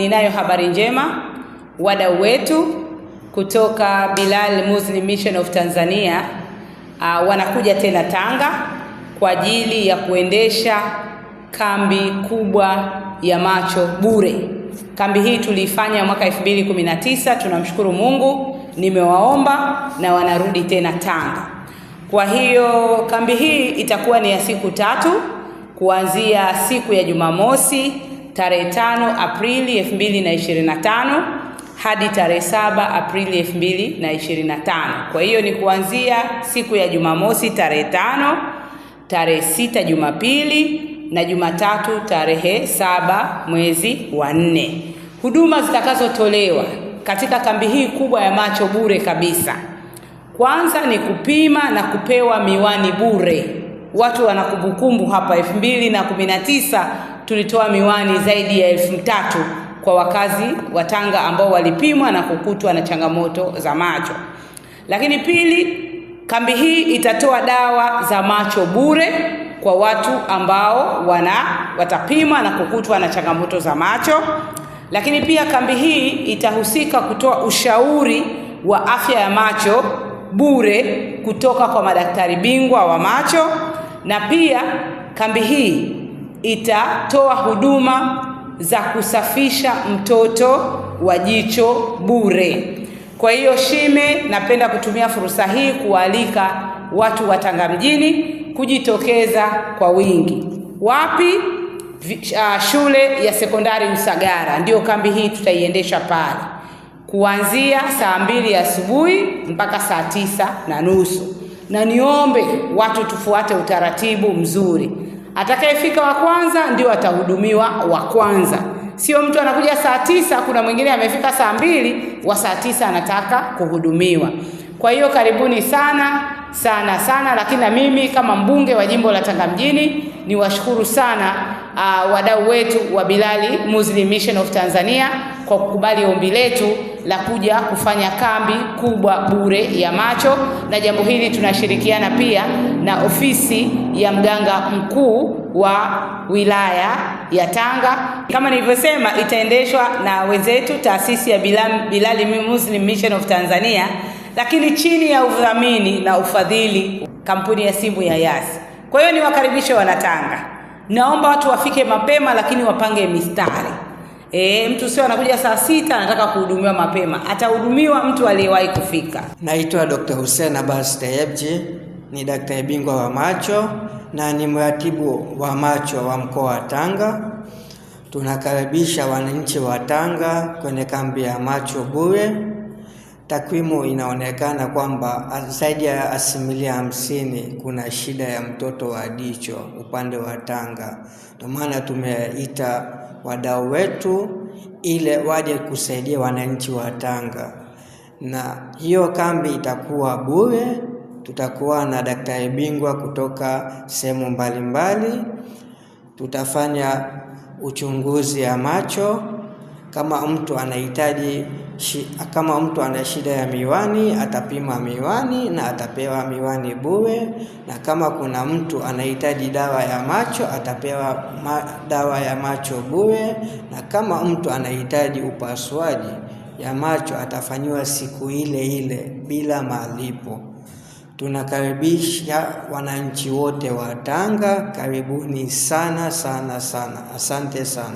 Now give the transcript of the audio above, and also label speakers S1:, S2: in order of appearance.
S1: ninayo habari njema, wadau wetu kutoka Bilal Muslim Mission of Tanzania uh, wanakuja tena Tanga kwa ajili ya kuendesha kambi kubwa ya macho bure. Kambi hii tuliifanya mwaka 2019, tunamshukuru Mungu, nimewaomba na wanarudi tena Tanga. Kwa hiyo kambi hii itakuwa ni ya siku tatu kuanzia siku ya Jumamosi tarehe 5 Aprili 2025 hadi tarehe 7 Aprili 2025. Kwa hiyo ni kuanzia siku ya Jumamosi tarehe 5, tarehe 6 Jumapili na Jumatatu tarehe saba mwezi wa nne. Huduma zitakazotolewa katika kambi hii kubwa ya macho bure kabisa. Kwanza ni kupima na kupewa miwani bure. Watu wana kumbukumbu hapa elfu mbili na kumi na tisa tulitoa miwani zaidi ya elfu tatu kwa wakazi wa Tanga ambao walipimwa na kukutwa na changamoto za macho. Lakini pili, kambi hii itatoa dawa za macho bure kwa watu ambao wana watapimwa na kukutwa na changamoto za macho. Lakini pia kambi hii itahusika kutoa ushauri wa afya ya macho bure kutoka kwa madaktari bingwa wa macho, na pia kambi hii itatoa huduma za kusafisha mtoto wa jicho bure. Kwa hiyo shime, napenda kutumia fursa hii kualika watu wa Tanga mjini kujitokeza kwa wingi. Wapi? Uh, shule ya sekondari Usagara ndiyo kambi hii tutaiendesha pale kuanzia saa mbili asubuhi mpaka saa tisa na nusu, na niombe watu tufuate utaratibu mzuri. Atakayefika wa kwanza ndio atahudumiwa wa kwanza. Sio mtu anakuja saa tisa, kuna mwingine amefika saa mbili, wa saa tisa anataka kuhudumiwa. Kwa hiyo karibuni sana sana sana, lakini na mimi kama mbunge wa jimbo la Tanga mjini niwashukuru sana uh, wadau wetu wa Bilali Muslim Mission of Tanzania kwa kukubali ombi letu la kuja kufanya kambi kubwa bure ya macho, na jambo hili tunashirikiana pia na ofisi ya mganga mkuu wa wilaya ya Tanga. Kama nilivyosema, itaendeshwa na wenzetu taasisi ya Bilali Muslim Mission of Tanzania, lakini chini ya udhamini na ufadhili kampuni ya simu ya Yasi. Kwa hiyo niwakaribishe Wanatanga, naomba watu wafike mapema, lakini wapange mistari. E, mtu sio anakuja saa sita anataka kuhudumiwa mapema, atahudumiwa mtu aliyewahi kufika.
S2: Naitwa Dr. Hussein Abbas Tayebji, ni daktari bingwa wa macho na ni mratibu wa macho wa mkoa wa Tanga. Tunakaribisha wananchi wa Tanga kwenye kambi ya macho bure. Takwimu inaonekana kwamba zaidi ya asilimia hamsini kuna shida ya mtoto wa jicho upande wa Tanga, ndio maana tumeita wadau wetu ile waje kusaidia wananchi wa Tanga, na hiyo kambi itakuwa bure. Tutakuwa na daktari bingwa kutoka sehemu mbalimbali, tutafanya uchunguzi ya macho kama mtu anahitaji kama mtu ana shida ya miwani atapima miwani na atapewa miwani bure, na kama kuna mtu anahitaji dawa ya macho atapewa ma, dawa ya macho bure, na kama mtu anahitaji upasuaji ya macho atafanyiwa siku ile ile bila malipo. Tunakaribisha wananchi wote wa Tanga, karibuni sana sana sana, asante sana.